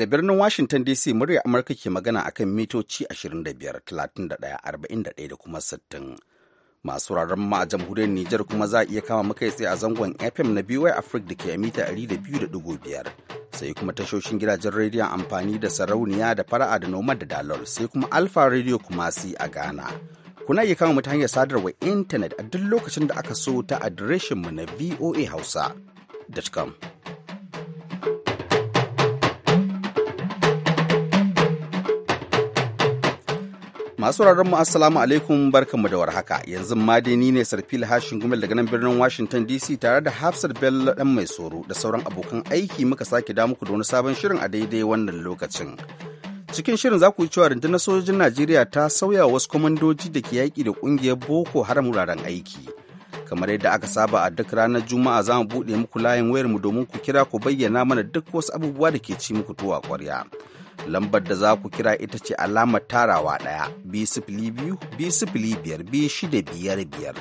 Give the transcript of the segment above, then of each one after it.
Daga birnin Washington DC murya Amurka ke magana akan mitoci 25, 31, 41 da kuma 60. Masu rarren ma a jamhuriyar Nijar kuma za a iya kama maka tsaye a zangon FM na BY Africa da ke a mita 200.5 sai kuma tashoshin gidajen rediyon amfani da sarauniya da fara'a da noma da dalol sai kuma alpha Radio kuma si a Ghana. Kuna iya kama mutane sadarwa intanet a duk lokacin da aka so ta adireshinmu na voa voahausa.com. Masu mu Assalamu alaikum barkanmu da warhaka. Yanzu madani ne Sarfil Hashin Gumel daga nan birnin Washington DC tare da Hafsat Bello dan mai tsoro da sauran abokan aiki muka sake da muku da wani sabon shirin a daidai wannan lokacin. Cikin shirin za ku yi cewa rundunar sojojin Najeriya ta sauya wasu kwamandoji da ke yaƙi da ƙungiyar Boko Haram wuraren aiki. Kamar yadda aka saba a duk ranar Juma'a za mu buɗe muku layin wayarmu domin ku kira ku bayyana mana duk wasu abubuwa da ke ci muku tuwa ƙwarya. lambar da za ku kira ita ce alamar tarawa ɗaya biyar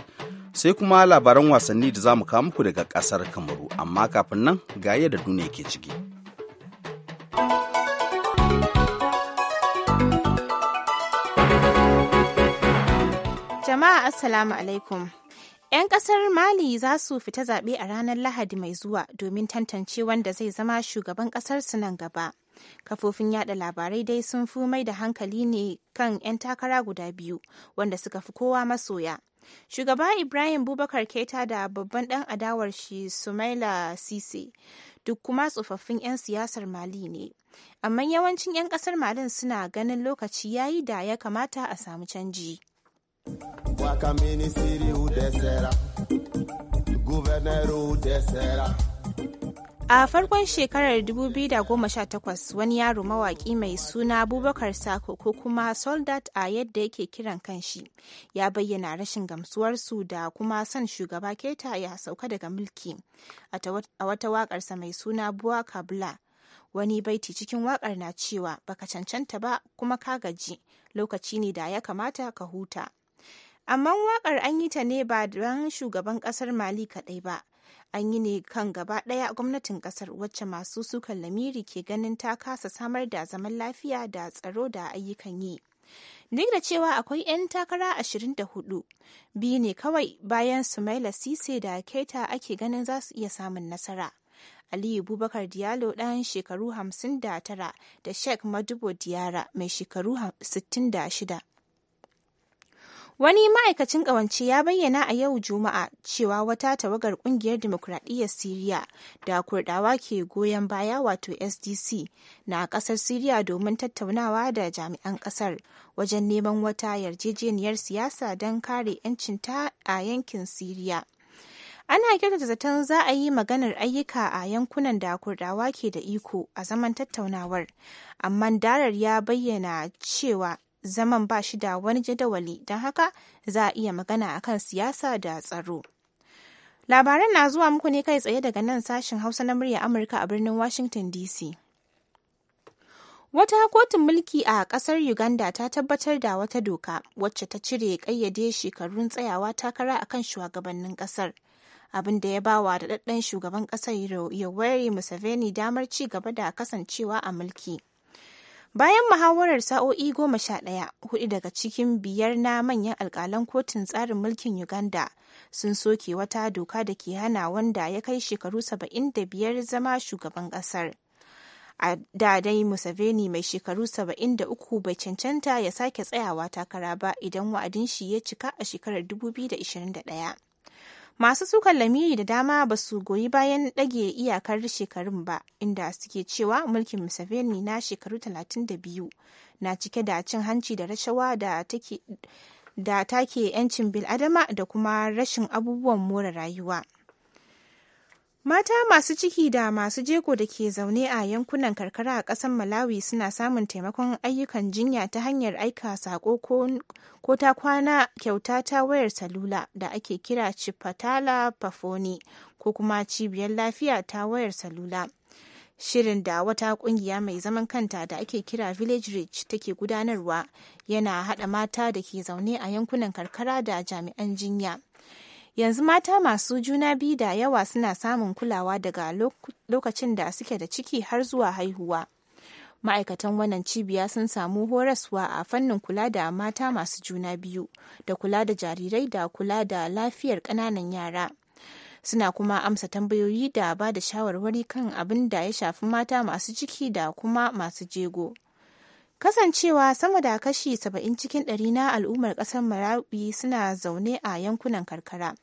sai kuma labaran wasanni da za mu kawo muku daga ƙasar kamaru amma kafin nan ga yadda duniya ke ciki jama'a assalamu alaikum 'Yan kasar Mali za su fita zaɓe a ranar Lahadi mai zuwa domin tantance wanda zai zama shugaban su nan gaba. kafofin yada labarai dai sun fi mai da hankali ne kan 'yan takara guda biyu wanda suka fi kowa masoya shugaba ibrahim bubakar keta da babban dan adawar shi sumaila sise duk kuma tsofaffin 'yan siyasar mali ne amma yawancin 'yan kasar malin suna ganin lokaci yayi da ya kamata a samu canji Guacamini, Siri, Udessera, Governero, Udessera. A farkon shekarar 2018 wani yaro mawaki mai suna Abubakar Sako ko kuma Soldat a yadda yake kiran kanshi ya bayyana rashin gamsuwarsu da kuma son shugaba Keta ya sauka daga mulki a wata wakarsa mai suna Buwa Kabla. Wani baiti cikin wakar na cewa baka cancanta ba kuma ka gaji lokaci ne da ya kamata ka huta. Amma wakar an yi ta ne ba don shugaban kasar Mali kaɗai ba, an yi ne kan gaba ɗaya gwamnatin ƙasar wacce masu sukan lamiri ke ganin ta kasa samar da zaman lafiya da tsaro da ayyukan yi. Duk da cewa akwai 'yan takara 24, biyu ne kawai bayan Sumaila Sise da Keta ake ganin za su iya samun nasara. Aliyu Bubakar Diallo ɗan shekaru 59 da Sheikh Madubo Diara mai shekaru 66 Wani ma'aikacin ƙawance ya bayyana a yau Juma'a cewa wata tawagar ƙungiyar dimokuraɗiyyar Siriya da Kurdawa ke goyon baya wato SDC na ƙasar Siriya domin tattaunawa da jami'an ƙasar wajen neman wata yarjejeniyar siyasa don kare 'yancinta a yankin Siriya. ana kyautata zaton za a yi maganar ayyuka a yankunan da kurdawa ke da iko a zaman tattaunawar amma darar ya bayyana cewa zaman ba shi da wani jadawali don haka za a iya magana a kan siyasa da tsaro. Labaran na zuwa muku ne kai tsaye daga nan sashen Hausa na murya Amurka a birnin Washington DC. Wata kotun mulki a ƙasar Uganda ta tabbatar da wata doka wacce ta cire ƙayyade shekarun tsayawa takara a kan shugabannin ƙasar. abin da ya bawa da daɗaɗɗen shugaban ƙasar Yoweri Museveni damar ci gaba da kasancewa a mulki. Bayan muhawarar sa'o'i goma sha ɗaya, hudu daga cikin biyar na manyan alkalan kotun tsarin mulkin Uganda sun soke wata doka da ke hana wanda ya kai shekaru 75 zama shugaban ƙasar. A da dai Museveni mai shekaru 73 bai cancanta ya sake tsayawa takara ba idan wa'adin shi ya cika a shekarar 2021. Masu sukan lamiri da dama ba su goyi bayan ɗage iyakar shekarun ba, inda suke cewa mulkin Museveni na shekaru 32 na cike da cin hanci da rashawa da take da take 'yancin bil'adama da kuma rashin abubuwan more rayuwa. Mata masu ciki da masu jego da ke zaune a yankunan karkara a ƙasar Malawi suna samun taimakon ayyukan jinya ta hanyar aika saƙo ko ta kwana kyauta ta wayar salula da ake kira Chipatala Pafoni ko kuma cibiyar lafiya ta wayar salula. Shirin da wata ƙungiya mai zaman kanta da ake kira Village Reach take gudanarwa yana haɗa mata da ke zaune a yankunan karkara da jami'an jinya. yanzu mata masu juna biyu da yawa suna samun kulawa daga lokacin da suke da ciki har zuwa haihuwa ma'aikatan wannan cibiya sun samu horaswa a fannin kula da mata masu juna biyu da kula da jarirai da kula da lafiyar ƙananan yara suna kuma amsa tambayoyi da ba da shawarwari kan abin da ya shafi mata masu ciki da kuma masu jego. Kasancewa sama da kashi 70 cikin ɗari na al'ummar ƙasar marawi suna zaune a yankunan karkara.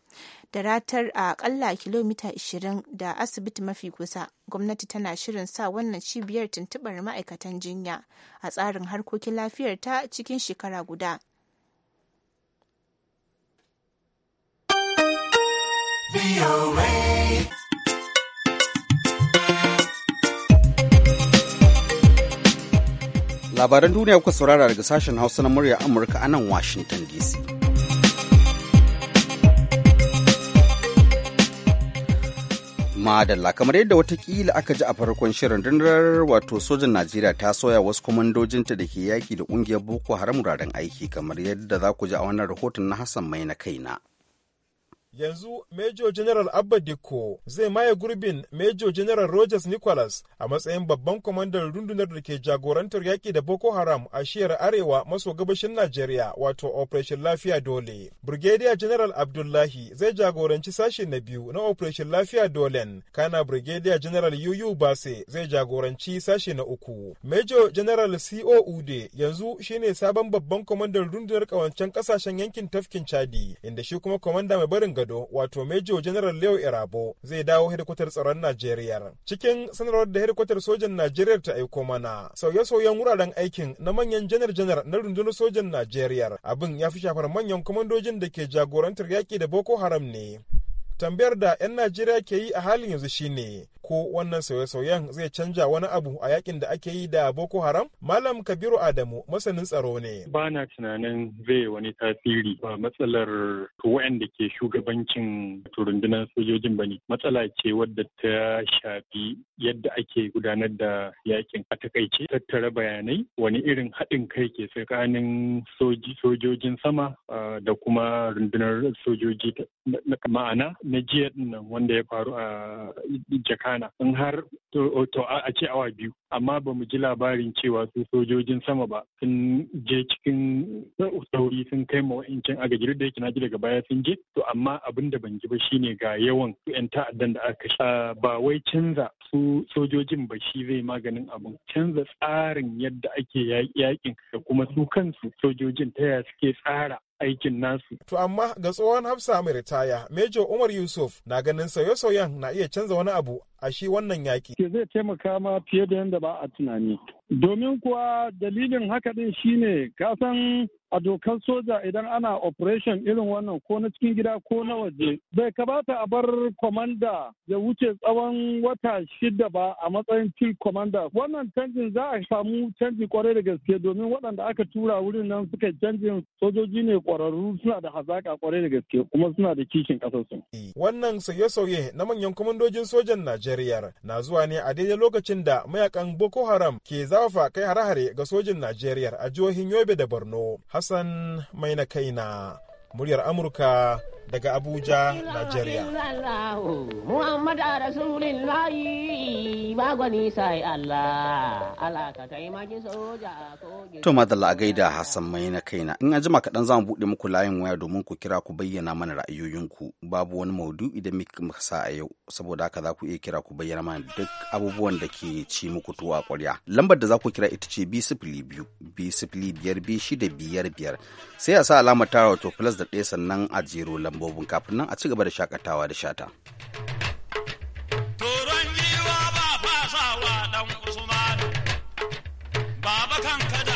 Da ratar a ƙalla kilomita 20 da asibiti mafi kusa, gwamnati tana shirin sa wannan cibiyar tuntuɓar ma'aikatan jinya a tsarin harkokin lafiyarta cikin shekara guda. VOA. labaran duniya kuka saurara daga sashen hausa na murya amurka a nan washington dc madalla kamar yadda watakila aka ji a farkon shirin dindar wato sojan najeriya ta soya wasu kwamandojinta da ke yaki da ƙungiyar boko haram wuraren aiki kamar yadda za ku ji a wannan rahoton na hassan mai na kaina Yanzu Major General Abba Dikko zai maye gurbin Major General Rogers Nicholas a matsayin babban kwamandan rundunar da ke jagorantar yaƙi da Boko Haram a shiyar arewa maso gabashin Najeriya wato Operation Lafiya Dole. Brigadier General Abdullahi zai jagoranci sashe na biyu na Operation Lafiya Dolen, kana Brigadier General Yuyu Base zai jagoranci sashe na uku. Major General CO Ude yanzu shine sabon babban kwamandan rundunar ƙawancen ƙasashen yankin tafkin Chadi, inda shi kuma kwamanda mai barin gado gado wato Mejo General Leo Irabo zai dawo hedikwatar tsaron Najeriya. Cikin sanarwar da hedikwatar sojan Najeriya ta aiko mana sauye-sauyen wuraren aikin na manyan janar-janar na rundunar sojan Najeriya abin ya fi shafar manyan kwamandojin da ke jagorantar yaƙi da Boko Haram ne. Tambayar da 'yan Najeriya ke yi a halin yanzu shine ko wannan sauye-sauyen zai canja wani abu a yakin da ake yi da Boko Haram? Malam Kabiru Adamu masanin tsaro ne. Ba na tunanin zai wani tasiri ba matsalar wa'anda ke shugabancin rundunar sojojin ba ne. Matsala ce wadda ta shafi yadda ake gudanar da yakin a takaice tattara bayanai wani irin haɗin kai ke tsakanin sojojin sama da kuma rundunar sojoji ma'ana na jiya wanda ya faru a jaka rana in har to a ce awa biyu amma ba mu ji labarin cewa su sojojin sama ba sun je cikin sauri sun kai ma wa'incin agajiru da yake ji daga baya sun je to amma abin da ban ji ba shine ga yawan su 'yan ta'addan da aka sha ah, ba wai canza su sojojin ba shi zai maganin abin canza tsarin yadda ake yakin da kuma su kansu sojojin ta yaya suke tsara aikin nasu. To amma ga tsohon Hafsa mai ritaya, Mejo Umar Yusuf na ganin sauye-sauyen na iya canza wani abu a shi wannan yaki. Ke zai taimaka ma fiye da yadda ba a tunani. Domin kuwa dalilin haka din shine kasan a dokar soja idan ana operation irin wannan ko na cikin gida ko na waje bai kamata a bar kwamanda ya wuce tsawon wata shida ba a matsayin chief komanda wannan canjin za a samu canji kwarai da gaske domin waɗanda aka tura wurin nan suka canjin sojoji ne kwararru suna da hazaka kwarai da gaske kuma suna da kishin kasarsu wannan sauye-sauye na manyan kwamandojin sojan najeriya na zuwa ne a daidai lokacin da mayakan boko haram ke zafafa kai hare-hare ga sojin Najeriya a jihohin Yobe da Borno. Hassan Maina Kaina, muryar Amurka daga Abuja, Najeriya. a Rasulillahi ba gwani gaida Hassan mai na kaina, in an jima kaɗan za mu buɗe muku layin waya domin ku kira ku bayyana mana ra'ayoyinku babu wani maudu'i da muka sa a yau, saboda haka za ku iya kira ku bayyana mana duk abubuwan da ke ci muku tuwa ƙwarya. Lambar da za ku kira ita ce b sifili biyu b sifili biyar b shida biyar biyar sai a sa alamar tarawa to plus da ɗaya sannan a jero lambar. lambobin kafin nan a ci gaba da shakatawa da shata. toron jiwa ba fasawa ɗan Usmanu, ba kan kada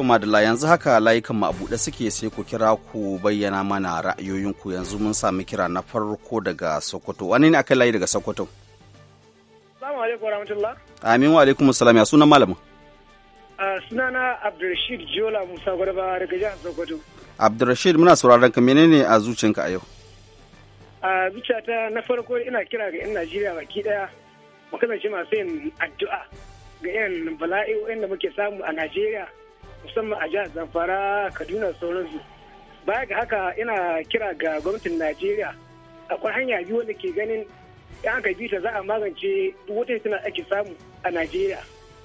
To Madala yanzu haka layukan mu a buɗe suke sai ku kira ku bayyana mana ra'ayoyinku yanzu mun sami kira na farko daga Sokoto. Wani ne aka layi daga Sokoto? Assalamu alaikum warahmatullah. Amin wa alaikum assalam ya sunan malamin. Ah, sunana Abdulrashid Jola Musa Gwarba daga jihar Sokoto. Abdulrashid muna sauraron ka menene a zuciyanka a yau? a ah, zuciyata na farko ina kira ga 'yan najeriya baki daya mu kasance masu yin addu'a ga 'yan bala'o'in da muke samu a najeriya musamman a jihar zamfara kaduna sauransu baya ga haka ina kira ga gwamnatin najeriya akwai hanya biyu wanda ke ganin in aka bi ta za a magance wata tana ake samu a najeriya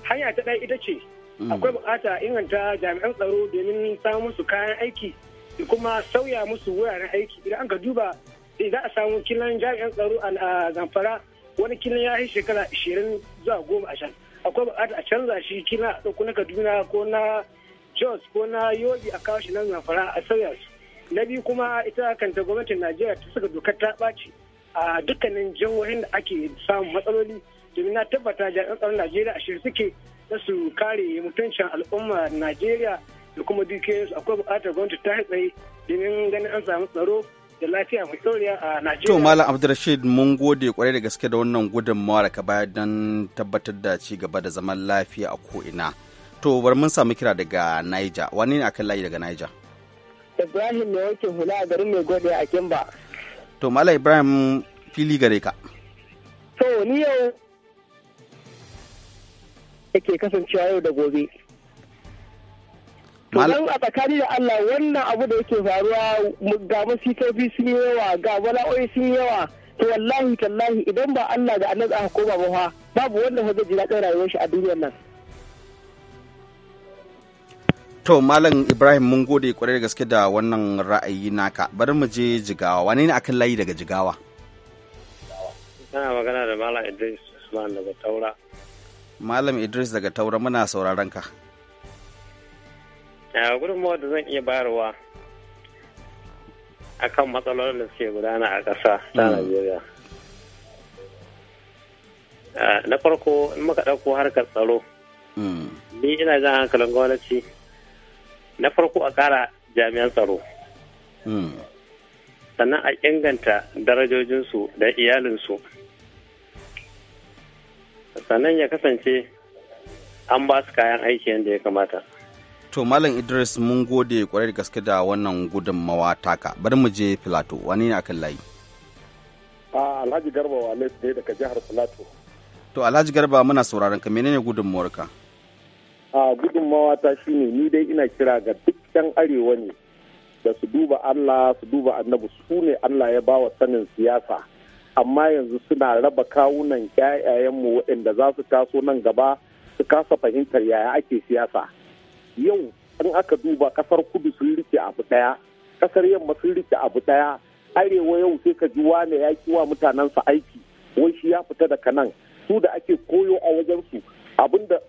hanya ta ɗaya ita ce mm. akwai bukata inganta jami'an tsaro domin samun musu kayan aiki da kuma sauya musu wuraren aiki idan an ka duba eh, za a samu kilan jami'an tsaro a zamfara wani kilan ya yi shekara ashirin zuwa goma a can akwai bukata a canza shi kila a na kaduna ko na jos ko na yobi a kawo shi nan zamfara a sauya su na biyu kuma ita kanta gwamnatin najeriya ta saka dokar ta ɓaci a dukkanin jihohin da ake samun matsaloli domin na tabbata jami'an tsaron najeriya a shirye suke na su kare mutuncin al'umma najeriya da kuma dukiyoyinsu akwai buƙatar gwamnati ta tsaye domin ganin an samu tsaro da lafiya mai ɗorewa a Najeriya. To Malam Abdulrashid mun gode kwarai da gaske da wannan gudunmawa da ka bayar don tabbatar da ci gaba da zaman lafiya a ko'ina. to bari mun samu kira daga Niger wani ne akan layi daga Niger Ibrahim ne yake hula a garin mai gode a Kimba to Mala Ibrahim fili gare ka to ni yau yake kasancewa yau da gobe Malam a tsakani da Allah wannan abu da yake faruwa ga masifofi sun yawa ga bala'o'i sun yawa to wallahi tallahi idan ba Allah da annabi aka koma ba babu wanda zai ji daɗin rayuwar shi a duniyar nan To Malam Ibrahim mun gode kwarai da gaske da wannan ra'ayi naka. Bari mu je Jigawa. wani ne akan layi daga Jigawa? Kana magana da Malam Idris Usman daga Taura. Malam Idris daga Taura muna sauraron ka. A gudunmawar da zan iya bayarwa a kan matsalolin da suke gudana a ƙasa ta hmm. Najeriya. Eh, na farko in muka ɗauko harkar tsaro. Hmm. Ni ina jan hankalin gwamnati na farko a ƙara jami'an tsaro hmm. sannan a inganta darajojinsu da iyalinsu sannan ya kasance an ba su kayan aiki yadda ya kamata to malam idris mun gode kwarai da gaske da wannan gudunmawa taka bari mu je filato wani ne akan layi alhaji garba wa ne daga jihar filato to alhaji garba muna sauraron ka menene gudunmawarka ka a gudunmawa ta ne. ni dai ina kira ga duk yan arewa ne da su duba Allah su duba annabi su ne Allah ya bawa sanin siyasa amma yanzu suna raba kawunan mu waɗanda za su taso nan gaba su kasa fahimtar yaya ake siyasa yau in aka duba kasar kudu sun rike abu ɗaya kasar yamma sun rike abu ɗaya arewa yau sai ka ji wane ya kiwa mutanensa aiki wai shi ya fita daga nan su da ake koyo a wajensu abinda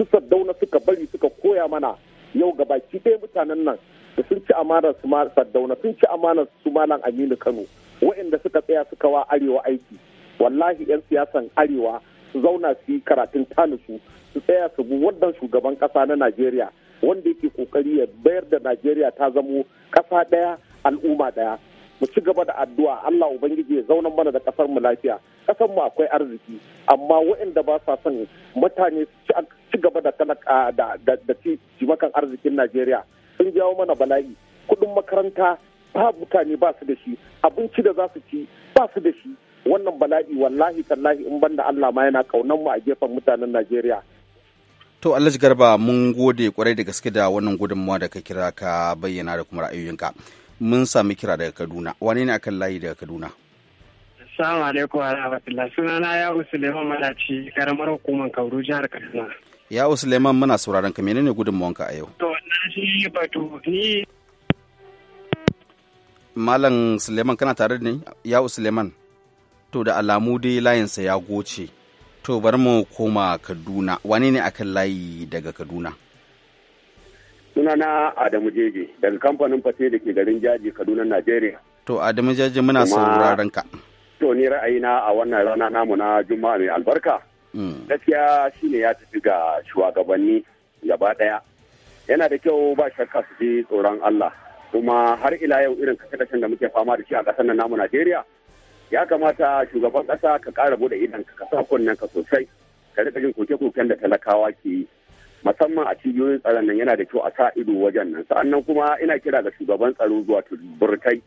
su saddauna suka bari suka koya mana yau ga baki ɗaya mutanen nan da sun ci amanar su saddauna sun ci amanar su malam aminu kano waɗanda suka tsaya suka wa arewa aiki wallahi 'yan siyasan arewa su zauna su yi karatun tanisu su tsaya su bu wannan shugaban kasa na najeriya wanda yake kokari ya bayar da najeriya ta zamo ƙasa ɗaya al'umma ɗaya mu ci gaba da addu'a Allah ubangiji ya zauna mana da kasar mu lafiya kasar mu akwai arziki amma waɗanda ba sa son mutane su ci ci gaba da talaka ah, da cimakan arzikin Najeriya sun jawo mana bala'i kudin makaranta ba mutane ba su da shi abinci da za su ci ba su da shi wannan bala'i wallahi tallahi in banda Allah ma yana kaunan mu a gefen mutanen Najeriya To Allah Garba mun gode kwarai da gaske da wannan gudunmawa da ka kira ka bayyana da kuma ra'ayoyinka. Mun sami kira daga Kaduna. Wane ne akan layi daga Kaduna? Assalamu alaikum wa rahmatullah. Sunana ya Suleiman Malachi, karamar hukumar Kauru jihar Kaduna. wasu leman muna sauraron ka menene gudunmawanka a yau? To na shi ni Malam Suleiman kana tare da ni? Yawo Suleiman. To da alamu dai layinsa ya goce. To bari mu koma Kaduna. wani ne akan layi daga Kaduna? Sunana Adamu Jeje daga kamfanin fate da ke garin Jaji Kaduna Najeriya. To Adamu Jeje muna sauraron ka. To ni ra'ayina a wannan rana namu na Juma'a mai albarka. gaskiya shi ne ya tafi ga shugabanni gaba daya yana da kyau ba shakka su ji tsoron Allah kuma har ila yau irin kashe da muke fama da shi a ƙasar nan namu Najeriya ya kamata shugaban ƙasa ka kara bude idan ka sa kunnen ka sosai ka rika jin koke-koken da talakawa ke yi musamman a cibiyoyin tsaron nan yana da kyau a sa ido wajen nan sa'annan kuma ina kira ga shugaban tsaro zuwa burtai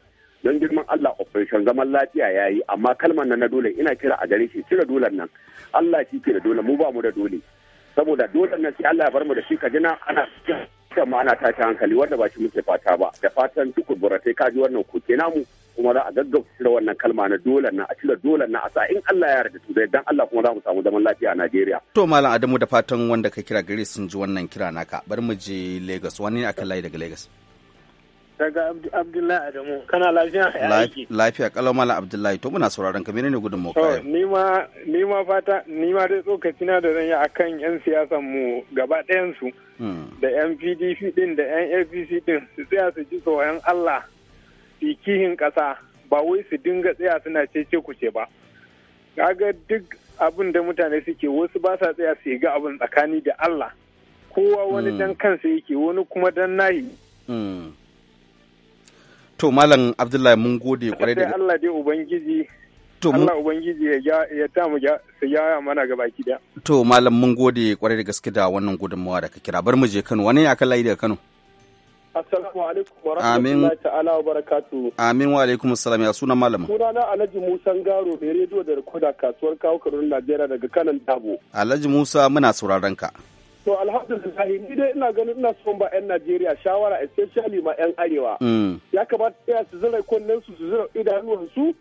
don girman Allah operation zaman lafiya ya yi amma kalmar nan na dole ina kira a gare shi cire dolar nan Allah shi ke da dole mu ba mu da dole saboda dole nan sai Allah ya bar mu da shi ka jina ana cikin ma ana tashi hankali wanda ba shi muke fata ba da fatan tukubura sai ka ji wannan koke namu kuma za a gaggauta cire wannan kalma na nan a cire dole nan a sa in Allah ya yarda tudai dan Allah kuma za mu samu zaman lafiya a Najeriya to malam Adamu da fatan wanda ka kira gare sun ji wannan kira naka bar mu je Lagos wani ne aka layi daga Lagos ta ga Abdullahi Adamu kana lafiya aiki. Lafiya kalau mala Abdullahi to muna sauraron ka menene gudun mu kai. Ni ma ni fata ni ma dai tsokaci na da zan yi akan yan siyasan mu gaba ɗayan su hmm. da yan PDP din da yan APC din su tsaya su ji tsoron Allah su kihin kasa ba wai su dinga tsaya suna cece kuce ba. Kaga duk abin da mutane suke wasu ba sa tsaya su ga abin tsakani da Allah. kowa wani hmm. dan kansa yake wani kuma dan nayi hmm. To Malam Abdullahi mun gode kwarai da Allah dai Ubangiji to Allah ubangiji ya ya ta mu ya mana ga baki da to malam mun gode kwarai da gaske da wannan gudunmawa da ka kira bar mu je Kano wani ya kalla daga Kano Assalamu alaikum wa rahmatullahi ta'ala wa barakatuh Amin wa alaikum assalam ya suna malama na Alhaji Musa Garo da rediyo da rikoda kasuwar kawo Kaduna Najeriya daga Kanan Dabo Alhaji Musa muna sauraron ka To alhamdulillah ni dai ina ganin ina son ba 'yan Najeriya shawara especially ma 'yan Arewa. Mm. Ya kamata ɗaya su zira kunnen su su zira idanuwansu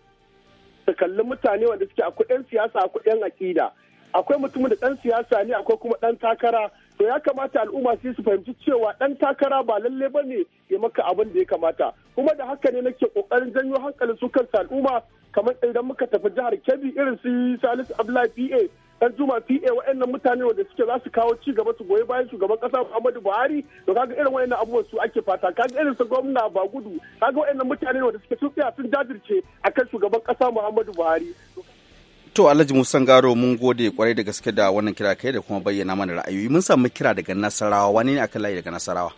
su kalli mutane wanda suke akwai 'yan siyasa akwai 'yan aƙida. Akwai mutumin da ɗan siyasa ne akwai kuma ɗan takara. To ya kamata al'umma su su fahimci cewa ɗan takara ba lalle ba ne ya maka abin da ya kamata. Kuma da haka ne nake ƙoƙarin janyo hankalin su kan al'umma kamar idan muka tafi jihar Kebbi irin su Salisu Abdullahi PA dan juma pa wa'annan mutane wanda suke za su kawo ci gaba su goyi bayan shugaban kasa muhammadu buhari to kaga irin wa'annan abubuwan su ake fata kaga irin su gwamna ba gudu kaga wa'annan mutane wanda suke sun tsaya sun jajirce akan shugaban kasa muhammadu buhari To Alhaji Musan Garo mun gode kwarai da gaske da wannan kira kai da kuma bayyana mana ra'ayoyi mun samu kira daga Nasarawa wani ne aka layi daga Nasarawa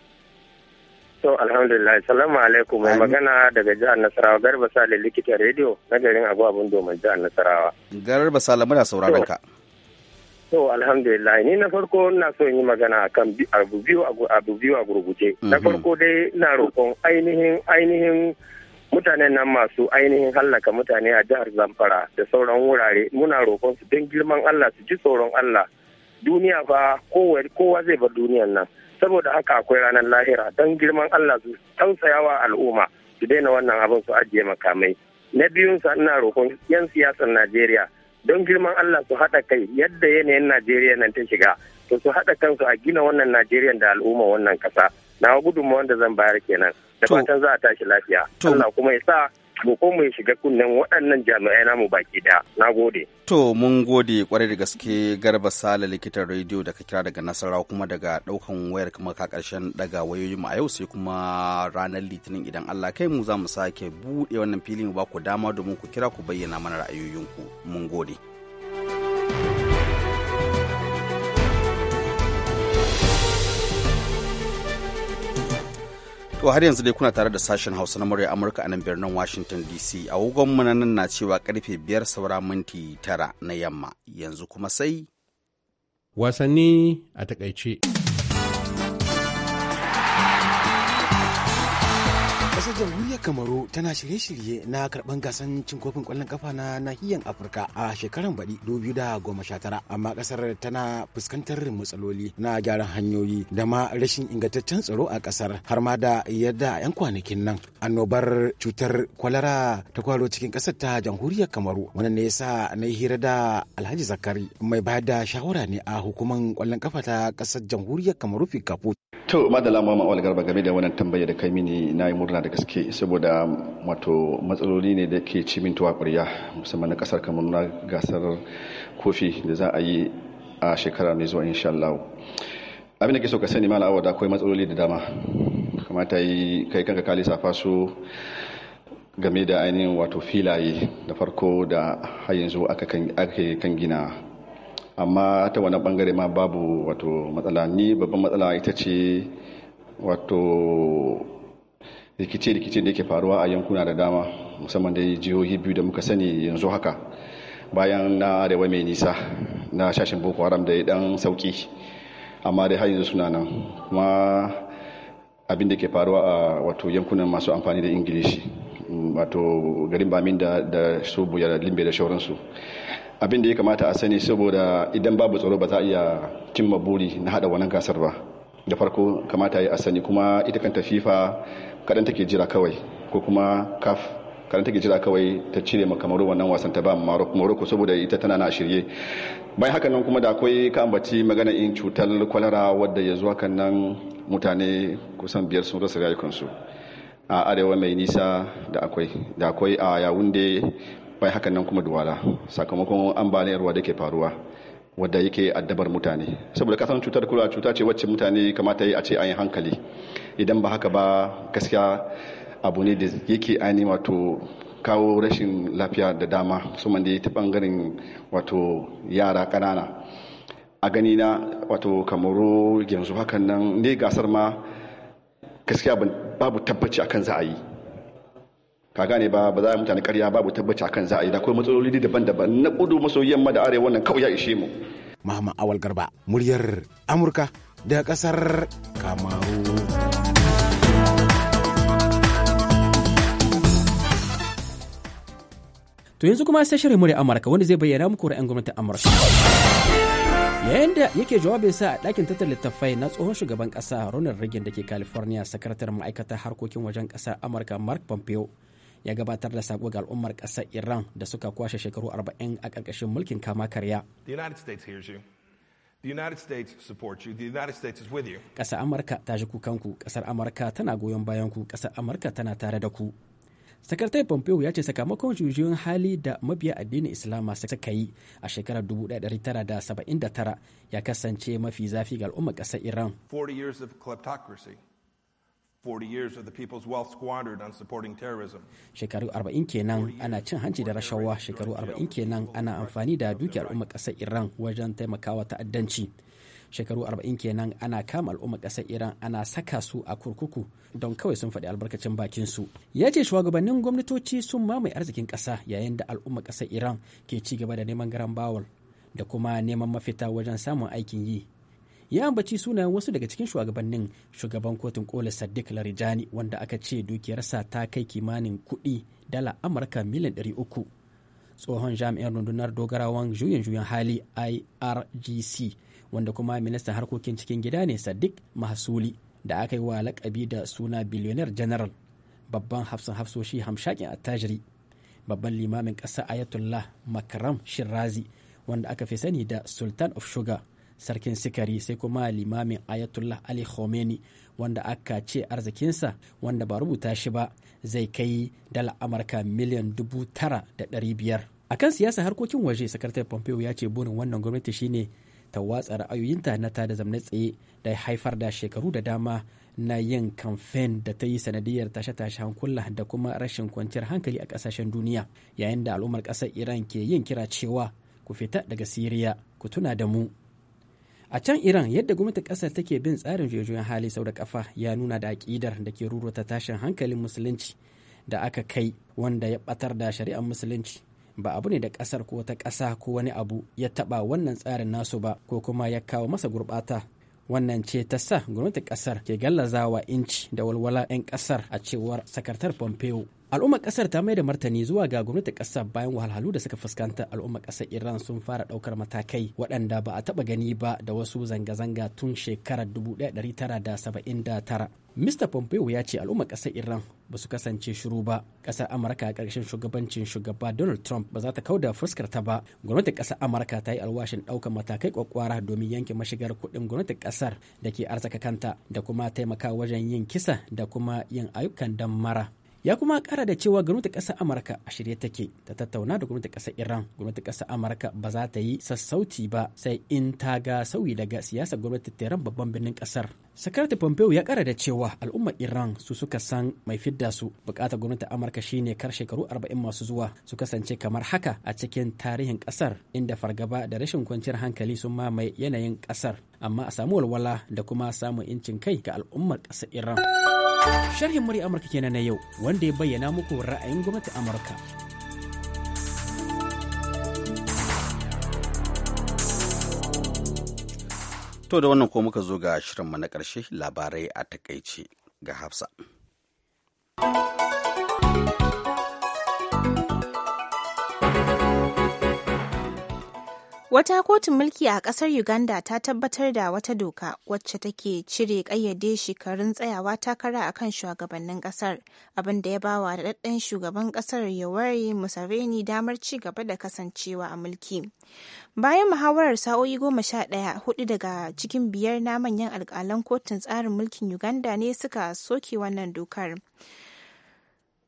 To alhamdulillah assalamu alaikum mai magana daga jihar Nasarawa Garba Sale likitan rediyo na garin Abu Abun Domin jihar Nasarawa Garba Sale muna sauraron ka To alhamdulillah ni na farko na so yi magana akan abu abu biyu a gurguje. Na mhm. farko dai na roƙon ainihin ainihin mutanen nan masu ainihin hallaka mutane a jihar Zamfara da sauran wurare muna roƙon su don girman Allah su ji tsoron Allah. Duniya fa kowa zai bar duniyan nan. Saboda haka akwai ranar lahira don girman Allah su tausayawa al'umma su daina wannan abin su ajiye makamai. Na biyunsa ina roƙon 'yan siyasar Najeriya don girman Allah su haɗa kai yadda yanayin Najeriya nan ta shiga to su haɗa kansu a gina wannan Najeriya da al'umma wannan ƙasa na gudunmawar da zan bayar kenan da fatan za a tashi lafiya Allah kuma ya sa boko mu shiga kunnen waɗannan jami'ai namu baki da na gode to mun gode kwarai da gaske garba sala likitan rediyo da ka kira daga nasarawa kuma daga ɗaukan wayar kuma ka ƙarshen daga wayoyin mu a yau sai kuma ranar litinin idan allah kai mu za mu sake buɗe wannan filin ba ku dama domin ku kira ku bayyana mana ra'ayoyinku mun gode To har yanzu dai kuna tare da sashen Hausa na murya Amurka a nan birnin Washington DC. Agogon mu nan na cewa karfe biyar saura minti tara na yamma. Yanzu kuma sai wasanni a takaice. jamhuriyar kamaru tana shirye-shirye na karban gasar cin kofin kwallon kafa na nahiyar afirka a shekaran baɗi tara amma ƙasar tana fuskantar matsaloli na gyaran hanyoyi da ma rashin ingantaccen tsaro a ƙasar har ma da yadda 'yan kwanakin nan annobar cutar kwalara ta kwaro cikin ƙasar ta jamhuriyar kamaru wannan ne yasa na yi hira da alhaji zakari mai bayar da shawara ne a hukuman kwallon kafa ta ƙasar jamhuriyar kamaru fikafu to madala mama garba game da wannan tambaya da kai mini na yi murna da suke saboda wato matsaloli ne da ke cimin tuwa ƙwarya musamman na kasar kamar na gasar kofi da za a yi a shekara mai zuwa insha Allah abin da ke so ka sani mala awada akwai matsaloli da dama kamata yi kai kanka kali lissafa su game da ainihin wato filaye da farko da har yanzu aka kan gina amma ta wani bangare ma babu wato matsala ni babban matsala ita ce wato rikice-rikice da yake faruwa a yankuna da dama musamman da jihohi biyu da muka sani yanzu haka bayan na arewa mai nisa na shashin boko haram da ya dan sauki amma dai har yanzu suna nan kuma abin da ke faruwa a wato yankunan masu amfani da ingilishi wato garin bamin da da buya da limbe da shauransu abin da ya kamata a sani saboda idan babu tsaro ba za a iya cimma buri na hada wannan gasar ba da farko kamata a sani kuma ita kanta fifa kaɗan take jira kawai ko kuma kaf kaɗan take jira kawai ta cire ma wannan wasan ta ba maroko saboda ita tana na shirye bayan hakan nan kuma da akwai ka ambaci magana in cutar kwalara wadda ya zuwa kan nan mutane kusan biyar sun rasa rayukansu a arewa mai nisa da akwai da akwai a yawun da bayan hakan nan kuma duwala sakamakon ambaliyar ruwa da ke faruwa wadda yake addabar mutane saboda kasan cutar kula cuta ce wacce mutane kamata yi a ce an yi hankali idan ba haka ba gaskiya abu ne da yake aini wato kawo rashin lafiya da dama su da ta bangaren wato yara ƙanana a gani na wato kamaru yanzu hakan nan ne gasar ma gaskiya babu tabbaci akan za a yi ka gane ba ba za a mutane karya babu tabbaci a kan za a yi da kawai matsaloli daban-daban na kudu maso yamma da arewa wannan kawai ya ishe mu Mahama Awal Garba muryar Amurka da ƙasar Kamaru To yanzu kuma sai shirin murya Amurka wanda zai bayyana muku ra'ayin gwamnatin Amurka. yayin da yake sa a ɗakin tattalin littattafai na tsohon shugaban ƙasa ronald reagan da ke california sakaratar ma'aikatar harkokin wajen ƙasar amurka mark pompeo ya gabatar da sako ga al'ummar ƙasar Iran da suka kwashe shekaru 40 a ƙarƙashin mulkin kama karya. Ƙasar Amurka ta ji kukanku, ƙasar Amurka tana goyon bayanku. ku, ƙasar Amurka tana tare da ku. Sakatare Pompeo ya ce sakamakon jujuyin hali da mabiya addinin Islama suka yi a shekarar 1979 ya kasance mafi zafi ga al'ummar ƙasar Iran. 40 years of kleptocracy. Shekaru 40 kenan ana cin hanci da rashawa, shekaru 40 kenan ana amfani da dukiyar al'ummar kasar Iran wajen taimakawa ta'addanci. Shekaru 40 kenan ana kama al'ummar kasar Iran ana saka su a kurkuku don kawai sun faɗi albarkacin bakin su. Ya ce shugabannin gwamnatoci sun mamaye arzikin ƙasa yayin da al'ummar ƙasar Iran ke ci gaba da neman garan da kuma neman mafita wajen samun aikin yi ya ambaci sunayen wasu daga cikin shugabannin shugaban kotun kola sadiq larijani wanda aka ce dukiyarsa ta kai kimanin kuɗi dala amurka miliyan uku tsohon jami'in rundunar dogarawan juyin juyin hali irgc wanda kuma ministan harkokin cikin gida ne sadiq mahasuli da aka yi wa lakabi da suna billionaire general babban hafsan hafsoshi hamshakin attajiri babban limamin ƙasa ayatollah makaram shirazi wanda aka fi sani da sultan of sugar sarkin sikari sai kuma limamin ayatollah ali khomeini wanda aka ce arzikinsa wanda ba rubuta shi ba zai kai dala amurka miliyan dubu tara da ɗari biyar a kan siyasa harkokin waje sakatar pompeo ya ce burin wannan gwamnati shine ta watsa ra'ayoyinta na ta da zamne tsaye da haifar da shekaru da dama na yin kamfen da ta yi sanadiyar tashe-tashe hankula da kuma rashin kwanciyar hankali a kasashen duniya yayin da al'ummar ƙasar iran ke yin kira cewa ku fita daga siriya ku tuna da mu a can iran yadda gwamnatin kasar take bin tsarin juyoyin hali sau da kafa ya nuna da aƙidar da ke rurota tashin hankalin musulunci da aka kai wanda ya ɓatar da shari'ar musulunci ba abu ne da kasar ko ta ƙasa ko wani abu ya taɓa wannan tsarin nasu ba ko kuma ya kawo masa gurɓata wannan ce ta sa gwamnatin kasar ke gallazawa inci da walwala 'yan kasar a cewar sakatar pompeo al'ummar kasar ta maida martani zuwa ga gwamnatin kasar bayan wahalhalu da suka fuskanta al'ummar kasar iran sun fara daukar matakai waɗanda ba a taba gani ba da wasu zanga-zanga tun shekarar 1979 mista pompeo ya ce al'ummar kasar iran ba su kasance shiru ba kasar amurka a ƙarshen shugabancin shugaba donald trump ba za ta kauda fuskar ta ba gwamnatin kasar amurka ta yi alwashin ɗaukar matakai kwakwara domin yanke mashigar kuɗin gwamnatin kasar da ke arzaka kanta da kuma taimaka wajen yin kisa da kuma yin ayyukan dan mara ya kuma kara da cewa gwamnatin ƙasar amurka a shirye take ta tattauna da gwamnatin ƙasar iran gwamnatin ƙasar amurka ba za ta yi sassauci ba sai in ta ga sauyi daga siyasar gwamnatin tehran babban birnin ƙasar Sakarta Pompeo ya kara da cewa al'ummar Iran su suka san mai fidda su bukatar gwamnatin Amurka shine kar shekaru 40 masu zuwa su kasance kamar haka a cikin tarihin kasar inda fargaba da rashin kwanciyar hankali sun mamaye yanayin kasar amma a samu walwala da kuma samun incin kai ga al'ummar kasar Iran. Sharhin murya Amurka kenan na yau wanda ya bayyana muku ra'ayin gwamnatin Amurka. To da wannan ko muka zo ga shirinmu na ƙarshe labarai a takaice ga Hafsa. Wata kotun mulki a ƙasar Uganda ta tabbatar da wata doka wacce take cire ƙayyade shekarun tsayawa takara a kan shugabannin ƙasar, abinda ya ba wa daɗaɗɗen shugaban ƙasar Yoweri Museveni damar ci gaba da kasancewa a mulki. Bayan muhawarar sa'o'i goma sha ɗaya, hudu daga cikin biyar na manyan alkalan kotun tsarin mulkin Uganda ne suka soke wannan dokar.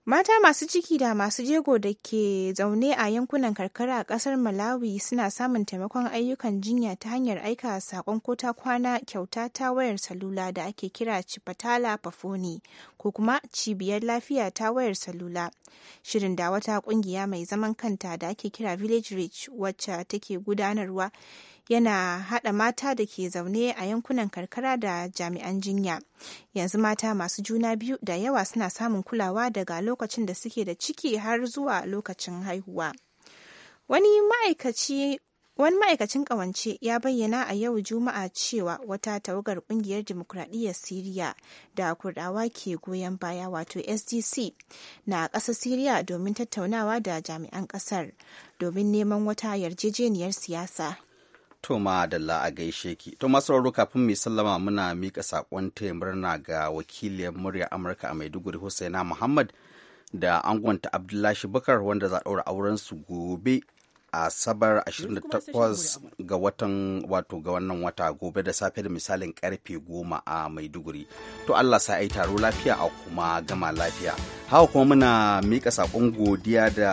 Mata masu ciki da masu jego da ke zaune a yankunan karkara a ƙasar Malawi suna samun taimakon ayyukan jinya ta hanyar aika saƙon ko ta kwana kyauta ta wayar salula da ake kira Chipatala Pafoni ko kuma cibiyar lafiya ta wayar salula. Shirin da wata kungiya mai zaman kanta da ake kira Village Reach wacce take gudanarwa yana haɗa mata da ke zaune a yankunan karkara da jami'an jinya. Yanzu mata masu juna biyu da yawa suna samun kulawa daga lokacin da suke da ciki har zuwa lokacin haihuwa. Wani ma'aikaci Wani ma'aikacin ƙawance ya bayyana a yau Juma'a cewa wata tawagar ƙungiyar dimokuraɗiyyar Siriya da Kurdawa ke goyon baya wato SDC na ƙasar Siriya domin tattaunawa da jami'an ƙasar domin neman wata yarjejeniyar siyasa. To ma a gaishe ki. To masu kafin mu sallama muna mika saƙon taya murna ga wakiliyar murya Amurka a Maiduguri Hussaina Muhammad da angonta Abdullahi Bakar, wanda za a ɗaura aurensu gobe asabar 28 ga watan wato ga wannan wata gobe da safe da misalin karfe 10 a maiduguri to allah sa ai taro lafiya a kuma gama lafiya hawa kuma muna mika sakon godiya da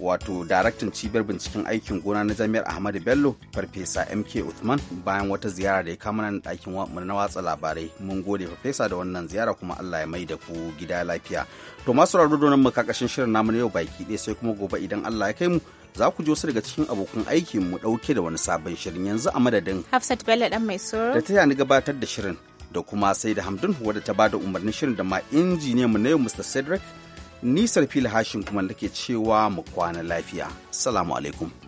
wato daraktan cibiyar binciken aikin gona na jami'ar ahmadu bello farfesa mk uthman bayan wata ziyara da ya kama na ɗakin na watsa labarai mun gode farfesa da wannan ziyara kuma allah ya mai da ku gida lafiya to masu rarrudo nan mu kakashin shirin namu na yau baki ɗaya sai kuma gobe idan allah ya kai mu za ku ji wasu daga cikin abokan aikin mu ɗauke da wani sabon shirin yanzu a madadin Hafsat Bello dan mai tsoro. da ta ni gabatar da shirin da kuma sai da Hamdun wadda ta ba da umarnin shirin da ma injiniyan mu na yau Mr. Cedric nisar fili hashin kuma da ke cewa mu kwana lafiya. Salamu alaikum.